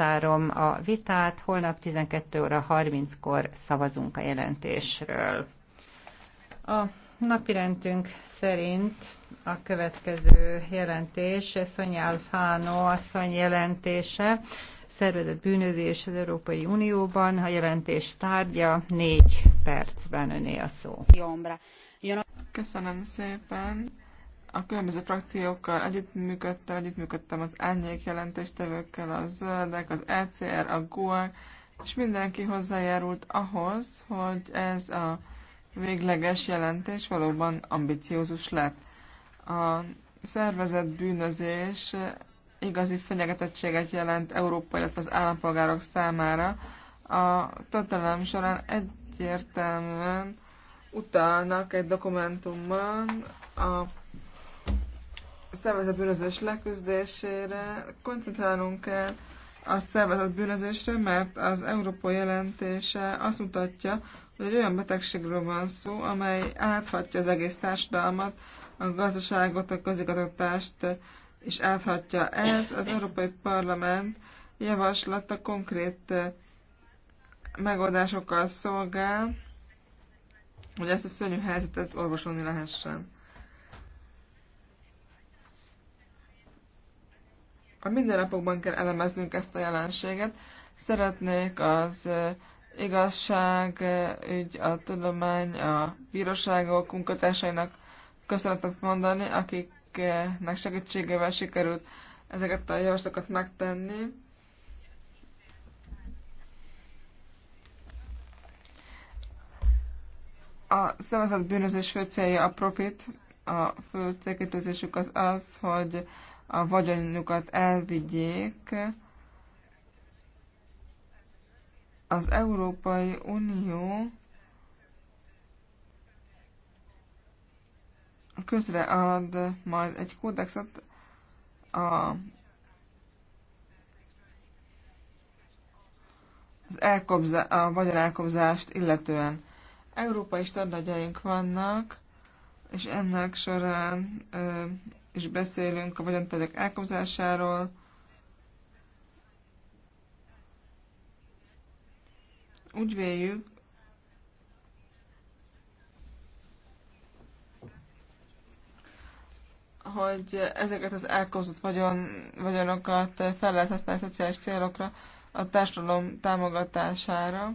zárom a vitát. Holnap 12 óra 30-kor szavazunk a jelentésről. A napirendünk szerint a következő jelentés, Szonya Alfano asszony jelentése, szervezett bűnözés az Európai Unióban, a jelentés tárgya, négy percben öné a szó. Köszönöm szépen a különböző frakciókkal együttműködtem, együttműködtem az árnyék jelentéstevőkkel, a zöldek, az ECR, a GUAR, és mindenki hozzájárult ahhoz, hogy ez a végleges jelentés valóban ambiciózus lett. A szervezett bűnözés igazi fenyegetettséget jelent Európa, illetve az állampolgárok számára. A történelem során egyértelműen utalnak egy dokumentumban a szervezett bűnözés leküzdésére. Koncentrálnunk kell a szervezett bűnözésre, mert az Európa jelentése azt mutatja, hogy egy olyan betegségről van szó, amely áthatja az egész társadalmat, a gazdaságot, a közigazgatást is áthatja. Ez az Európai Parlament javaslata konkrét megoldásokkal szolgál, hogy ezt a szörnyű helyzetet orvosolni lehessen. A mindennapokban kell elemeznünk ezt a jelenséget. Szeretnék az ügy, a tudomány, a bíróságok munkatársainak köszönetet mondani, akiknek segítségével sikerült ezeket a javaslatokat megtenni. A szervezet bűnözés fő célja a profit, a fő célkítőzésük az az, hogy a vagyonjukat elvigyék. Az Európai Unió ad majd egy kódexet a az elkobza, a vagyon elkobzást illetően. Európai standardjaink vannak, és ennek során ö, és beszélünk a vagyontárgyak elkobzásáról, úgy véljük, hogy ezeket az elkobzott vagyon, vagyonokat fel lehet használni szociális célokra, a társadalom támogatására.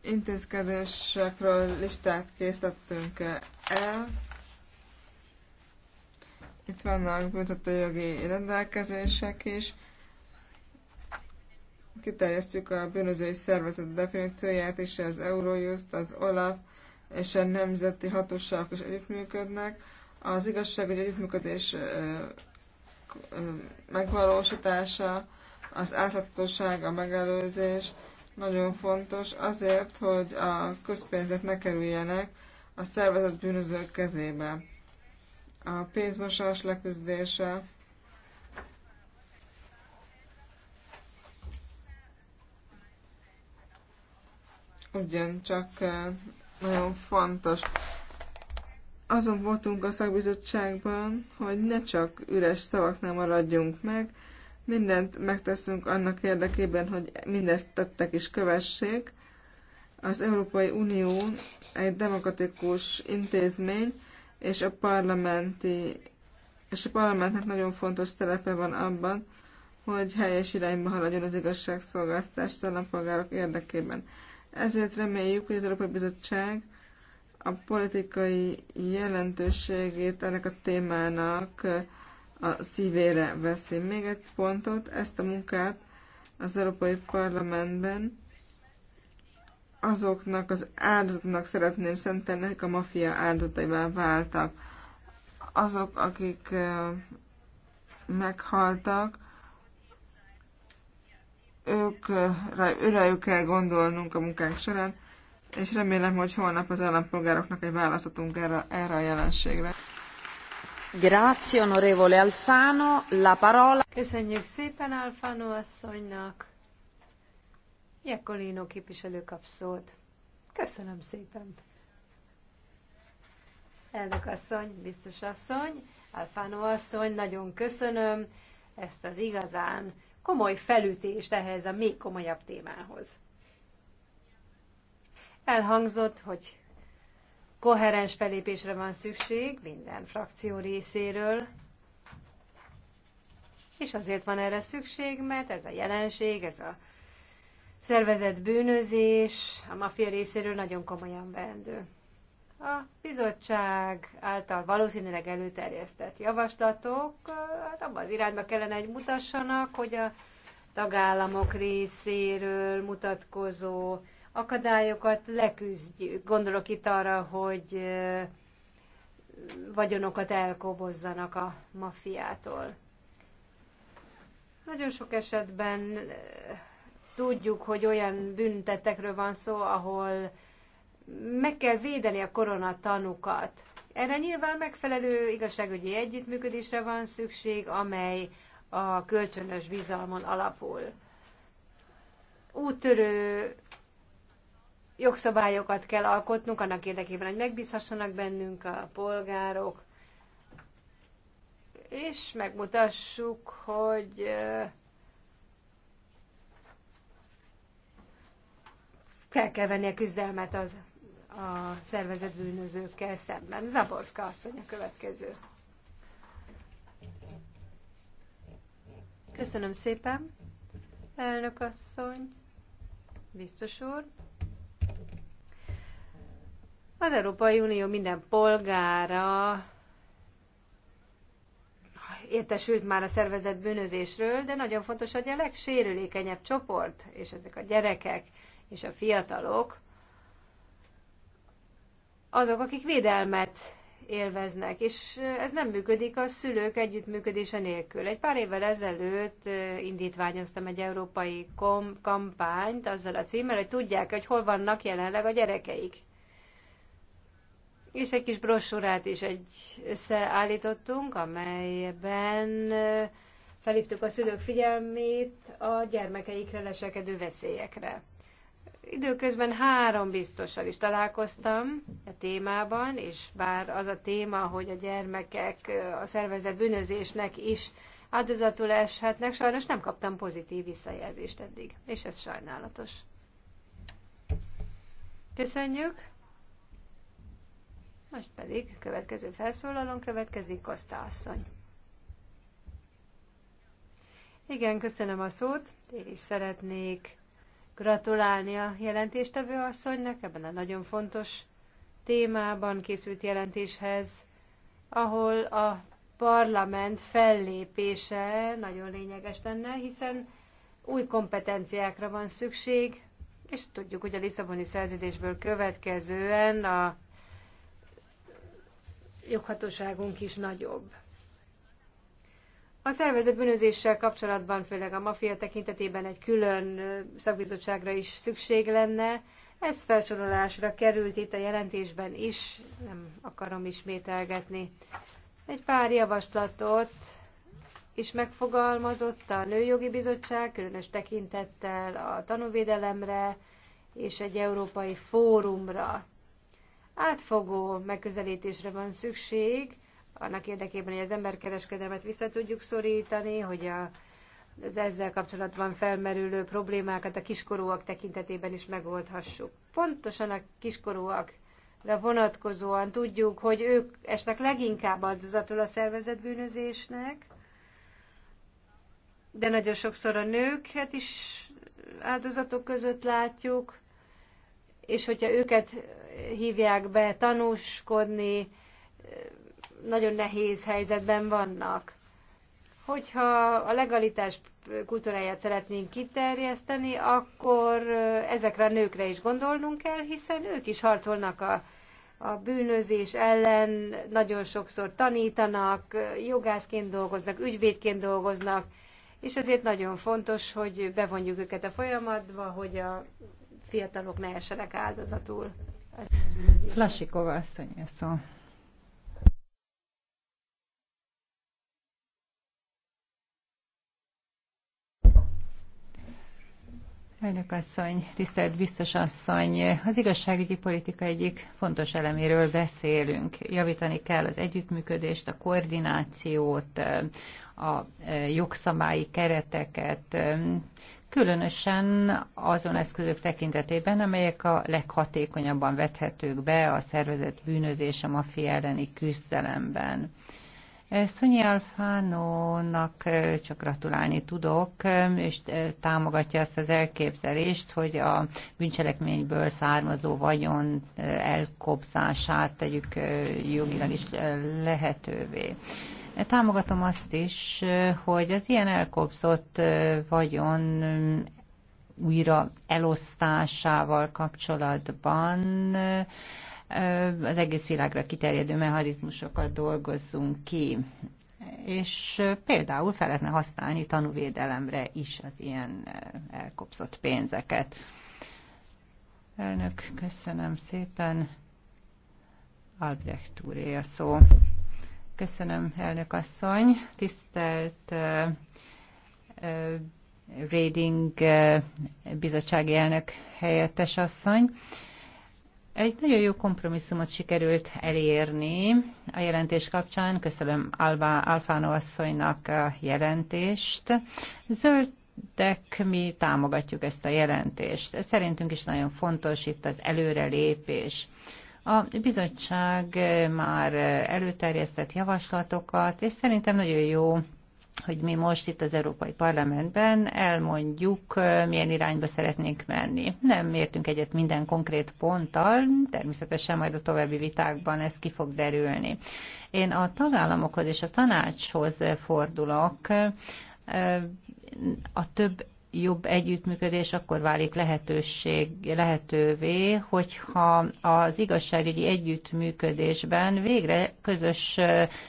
Intézkedésekről listát készítettünk el. Itt vannak büntetőjogi rendelkezések is. Kiterjesztjük a bűnözői szervezet definícióját is, az Eurojust, az OLAF és a nemzeti hatóságok is együttműködnek. Az igazságügyi együttműködés megvalósítása, az átláthatóság, a megelőzés nagyon fontos azért, hogy a közpénzek ne kerüljenek a szervezet bűnözők kezébe a pénzmosás leküzdése, ugyancsak eh, nagyon fontos. Azon voltunk a szakbizottságban, hogy ne csak üres szavaknál maradjunk meg, mindent megteszünk annak érdekében, hogy mindezt tettek is kövessék. Az Európai Unió egy demokratikus intézmény, és a parlamenti és a parlamentnek nagyon fontos szerepe van abban, hogy helyes irányba haladjon az igazságszolgáltatás az állampolgárok érdekében. Ezért reméljük, hogy az Európai Bizottság a politikai jelentőségét ennek a témának a szívére veszi. Még egy pontot, ezt a munkát az Európai Parlamentben azoknak az áldozatnak szeretném szentelni, akik a maffia áldozataival váltak. Azok, akik meghaltak, ők, rájuk kell gondolnunk a munkánk során, és remélem, hogy holnap az állampolgároknak egy választatunk erre, erre a jelenségre. Grazie, onorevole Alfano, la parola. Köszönjük szépen Alfano asszonynak. Jekolino képviselő kap szót. Köszönöm szépen. Elnök asszony, biztos asszony, Alfánó asszony, nagyon köszönöm ezt az igazán komoly felütést ehhez a még komolyabb témához. Elhangzott, hogy koherens felépésre van szükség minden frakció részéről, és azért van erre szükség, mert ez a jelenség, ez a szervezett bűnözés a maffia részéről nagyon komolyan vendő. A bizottság által valószínűleg előterjesztett javaslatok hát abban az irányba kellene, hogy mutassanak, hogy a tagállamok részéről mutatkozó akadályokat leküzdjük. Gondolok itt arra, hogy vagyonokat elkobozzanak a maffiától. Nagyon sok esetben tudjuk, hogy olyan büntetekről van szó, ahol meg kell védeni a koronatanukat. Erre nyilván megfelelő igazságügyi együttműködésre van szükség, amely a kölcsönös bizalmon alapul. Úttörő jogszabályokat kell alkotnunk annak érdekében, hogy megbízhassanak bennünk a polgárok, és megmutassuk, hogy fel kell venni a küzdelmet az, a szervezett bűnözőkkel szemben. Zaborska asszony a következő. Köszönöm szépen, elnök asszony, biztos úr. Az Európai Unió minden polgára értesült már a szervezett bűnözésről, de nagyon fontos, hogy a legsérülékenyebb csoport, és ezek a gyerekek, és a fiatalok azok, akik védelmet élveznek, és ez nem működik a szülők együttműködése nélkül. Egy pár évvel ezelőtt indítványoztam egy európai kom- kampányt azzal a címmel, hogy tudják, hogy hol vannak jelenleg a gyerekeik. És egy kis brossurát is egy összeállítottunk, amelyben felhívtuk a szülők figyelmét a gyermekeikre lesekedő veszélyekre. Időközben három biztossal is találkoztam a témában, és bár az a téma, hogy a gyermekek a szervezet bűnözésnek is áldozatul eshetnek, sajnos nem kaptam pozitív visszajelzést eddig, és ez sajnálatos. Köszönjük! Most pedig a következő felszólalón következik Kosta asszony. Igen, köszönöm a szót. Én is szeretnék gratulálni a jelentéstevő asszonynak ebben a nagyon fontos témában készült jelentéshez, ahol a parlament fellépése nagyon lényeges lenne, hiszen új kompetenciákra van szükség, és tudjuk, hogy a Lisszaboni szerződésből következően a joghatóságunk is nagyobb. A szervezett bűnözéssel kapcsolatban, főleg a mafia tekintetében egy külön szakbizottságra is szükség lenne. Ez felsorolásra került itt a jelentésben is, nem akarom ismételgetni. Egy pár javaslatot is megfogalmazott a Nőjogi Bizottság, különös tekintettel a tanúvédelemre és egy európai fórumra. Átfogó megközelítésre van szükség, annak érdekében, hogy az emberkereskedelmet vissza tudjuk szorítani, hogy a, az ezzel kapcsolatban felmerülő problémákat a kiskorúak tekintetében is megoldhassuk. Pontosan a kiskorúakra vonatkozóan tudjuk, hogy ők esnek leginkább áldozatul a szervezetbűnözésnek, de nagyon sokszor a nőket is áldozatok között látjuk, és hogyha őket hívják be tanúskodni, nagyon nehéz helyzetben vannak. Hogyha a legalitás kultúráját szeretnénk kiterjeszteni, akkor ezekre a nőkre is gondolnunk kell, hiszen ők is harcolnak a, a bűnözés ellen, nagyon sokszor tanítanak, jogászként dolgoznak, ügyvédként dolgoznak, és ezért nagyon fontos, hogy bevonjuk őket a folyamatba, hogy a fiatalok ne essenek áldozatul. Flasikova asszony szó. Elnök asszony, tisztelt biztos asszony, az igazságügyi politika egyik fontos eleméről beszélünk. Javítani kell az együttműködést, a koordinációt, a jogszabályi kereteket, különösen azon eszközök tekintetében, amelyek a leghatékonyabban vethetők be a szervezet bűnözés a mafia elleni küzdelemben. Szonyi Alfánónak csak gratulálni tudok, és támogatja ezt az elképzelést, hogy a bűncselekményből származó vagyon elkobzását tegyük jogilag is lehetővé. Támogatom azt is, hogy az ilyen elkobzott vagyon újra elosztásával kapcsolatban az egész világra kiterjedő mechanizmusokat dolgozzunk ki. És például fel lehetne használni tanúvédelemre is az ilyen elkopszott pénzeket. Elnök, köszönöm szépen. Albrecht úré a szó. Köszönöm, elnök asszony. Tisztelt uh, uh, Reading uh, bizottsági elnök helyettes asszony. Uh, egy nagyon jó kompromisszumot sikerült elérni a jelentés kapcsán. Köszönöm Alba Alfano asszonynak a jelentést. Zöldek, mi támogatjuk ezt a jelentést. Szerintünk is nagyon fontos itt az előrelépés. A bizottság már előterjesztett javaslatokat, és szerintem nagyon jó hogy mi most itt az Európai Parlamentben elmondjuk, milyen irányba szeretnénk menni. Nem értünk egyet minden konkrét ponttal, természetesen majd a további vitákban ez ki fog derülni. Én a tagállamokhoz és a tanácshoz fordulok, a több jobb együttműködés akkor válik lehetőség, lehetővé, hogyha az igazságügyi együttműködésben végre közös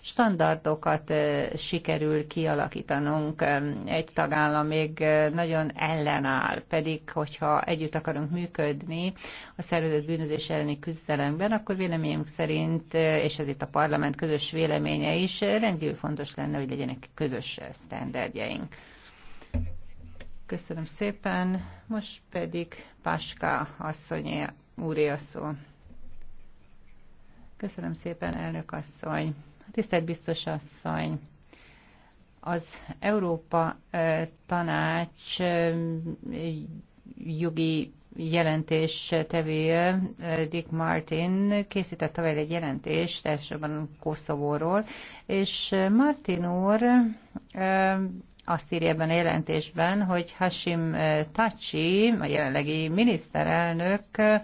standardokat sikerül kialakítanunk. Egy tagállam még nagyon ellenáll, pedig hogyha együtt akarunk működni a szervezett bűnözés elleni küzdelemben, akkor véleményem szerint, és ez itt a parlament közös véleménye is, rendkívül fontos lenne, hogy legyenek közös standardjaink. Köszönöm szépen. Most pedig Páská asszonyé úré a szó. Köszönöm szépen, elnök asszony. Tisztelt biztos asszony. Az Európa Tanács jogi jelentés tevője, Dick Martin készített tavaly egy jelentést, elsősorban Koszovóról, és Martin úr azt írja ebben a jelentésben, hogy Hashim eh, Tachi, a jelenlegi miniszterelnök, eh,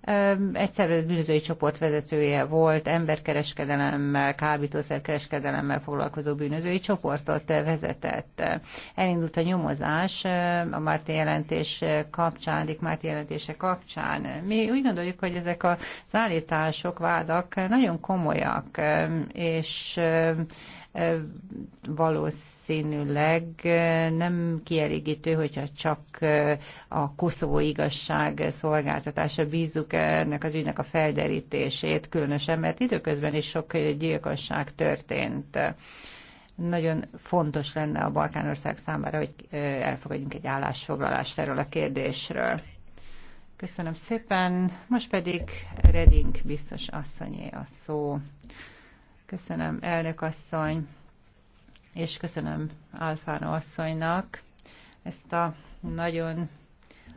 eh, egyszerűen bűnözői csoport vezetője volt, emberkereskedelemmel, kábítószerkereskedelemmel foglalkozó bűnözői csoportot vezetett. Elindult a nyomozás a Márti jelentés kapcsán, Dik Márti jelentése kapcsán. Mi úgy gondoljuk, hogy ezek az állítások, vádak nagyon komolyak, és valószínűleg nem kielégítő, hogyha csak a Koszovó igazság szolgáltatása bízzuk ennek az ügynek a felderítését, különösen, mert időközben is sok gyilkosság történt. Nagyon fontos lenne a Balkánország számára, hogy elfogadjunk egy állásfoglalást erről a kérdésről. Köszönöm szépen. Most pedig Reding biztos asszonyé a szó. Köszönöm, elnök asszony, és köszönöm Alfánó asszonynak ezt a nagyon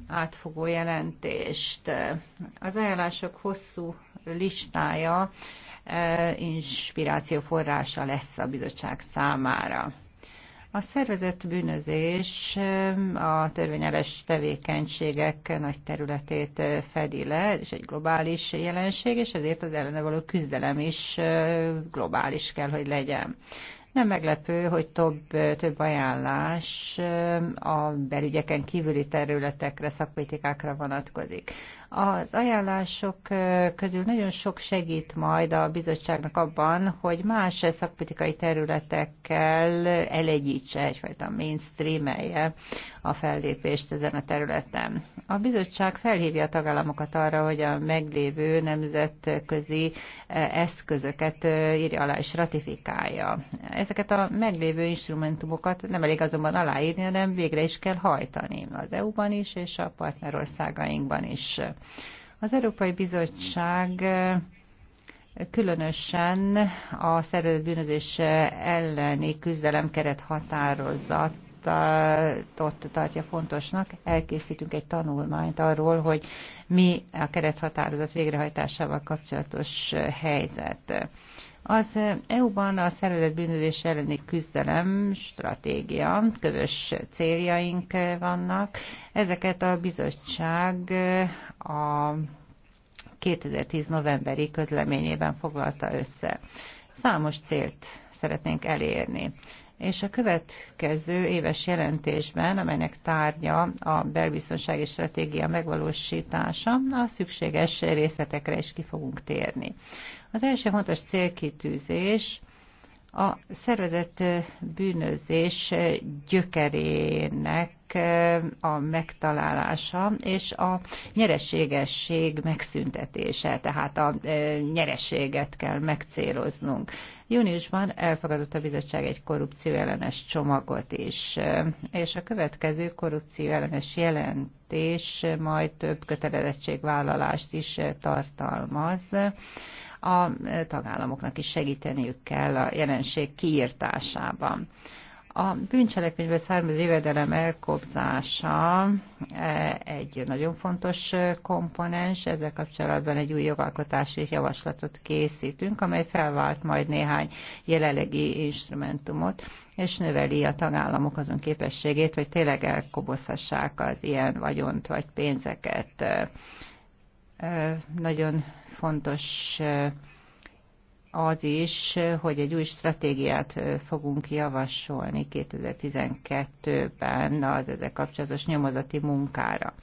átfogó jelentést. Az ajánlások hosszú listája eh, inspiráció forrása lesz a bizottság számára. A szervezett bűnözés a törvényeles tevékenységek nagy területét eh, fedi le, ez is egy globális jelenség, és ezért az ellene való küzdelem is eh, globális kell, hogy legyen. Nem meglepő, hogy több, több ajánlás a belügyeken kívüli területekre, szakpolitikákra vonatkozik. Az ajánlások közül nagyon sok segít majd a bizottságnak abban, hogy más szakpolitikai területekkel elegyítse, egyfajta mainstream-elje a fellépést ezen a területen. A bizottság felhívja a tagállamokat arra, hogy a meglévő nemzetközi eh, eszközöket eh, írja alá és ratifikálja. Ezeket a meglévő instrumentumokat nem elég azonban aláírni, hanem végre is kell hajtani az EU-ban is és a partnerországainkban is. Az Európai Bizottság eh, különösen a szervezett bűnözés elleni küzdelem keret határozat javaslatot tartja fontosnak. Elkészítünk egy tanulmányt arról, hogy mi a kerethatározat végrehajtásával kapcsolatos helyzet. Az EU-ban a szervezett bűnözés elleni küzdelem stratégia, közös céljaink vannak. Ezeket a bizottság a 2010 novemberi közleményében foglalta össze. Számos célt szeretnénk elérni. És a következő éves jelentésben, amelynek tárgya a belbiztonsági stratégia megvalósítása, a szükséges részletekre is ki fogunk térni. Az első fontos célkitűzés a szervezett bűnözés gyökerének eh, a megtalálása és a nyereségesség megszüntetése, tehát a eh, nyereséget kell megcéloznunk. Júniusban elfogadott a bizottság egy korrupcióellenes csomagot is, és a következő korrupcióellenes jelentés majd több kötelezettségvállalást is tartalmaz a tagállamoknak is segíteniük kell a jelenség kiírtásában. A bűncselekményből származó jövedelem elkobzása e, egy nagyon fontos e, komponens, ezzel kapcsolatban egy új jogalkotási javaslatot készítünk, amely felvált majd néhány jelenlegi instrumentumot, és növeli a tagállamok azon képességét, hogy tényleg elkobozhassák az ilyen vagyont vagy pénzeket. E, nagyon fontos az is, hogy egy új stratégiát fogunk javasolni 2012-ben az ezzel kapcsolatos nyomozati munkára.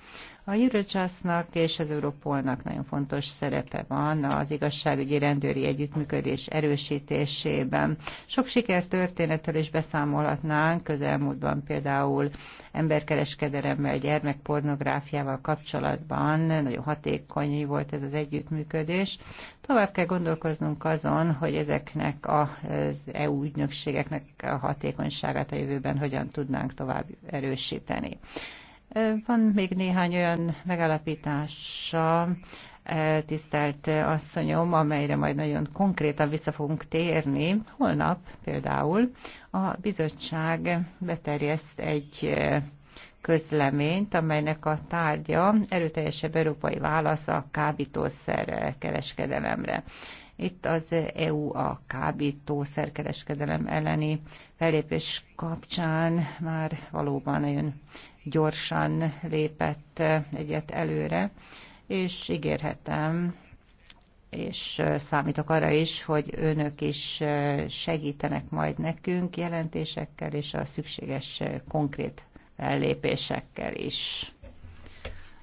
A Eurojustnak és az Europolnak nagyon fontos szerepe van az igazságügyi rendőri együttműködés erősítésében. Sok sikertörténetről is beszámolhatnánk, közelmúltban például emberkereskedelemmel, gyermekpornográfiával kapcsolatban nagyon hatékony volt ez az együttműködés. Tovább kell gondolkoznunk azon, hogy ezeknek az EU ügynökségeknek a hatékonyságát a jövőben hogyan tudnánk tovább erősíteni. Van még néhány olyan megállapítása, tisztelt asszonyom, amelyre majd nagyon konkrétan vissza fogunk térni. Holnap például a bizottság beterjeszt egy közleményt, amelynek a tárgya erőteljesebb európai válasz a kábítószer kereskedelemre. Itt az EU a kábítószer kereskedelem elleni fellépés kapcsán már valóban nagyon gyorsan lépett eh, egyet előre, és ígérhetem, és eh, számítok arra is, hogy önök is eh, segítenek majd nekünk jelentésekkel és a szükséges konkrét fellépésekkel is.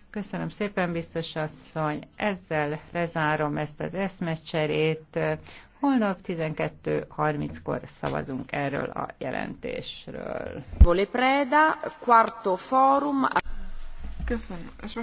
Köszönöm szépen, biztos asszony. Ezzel lezárom ezt az eszmecserét. Holnap 12.30-kor szavazunk erről a jelentésről. Vole Preda, Quarto Forum. Köszönöm.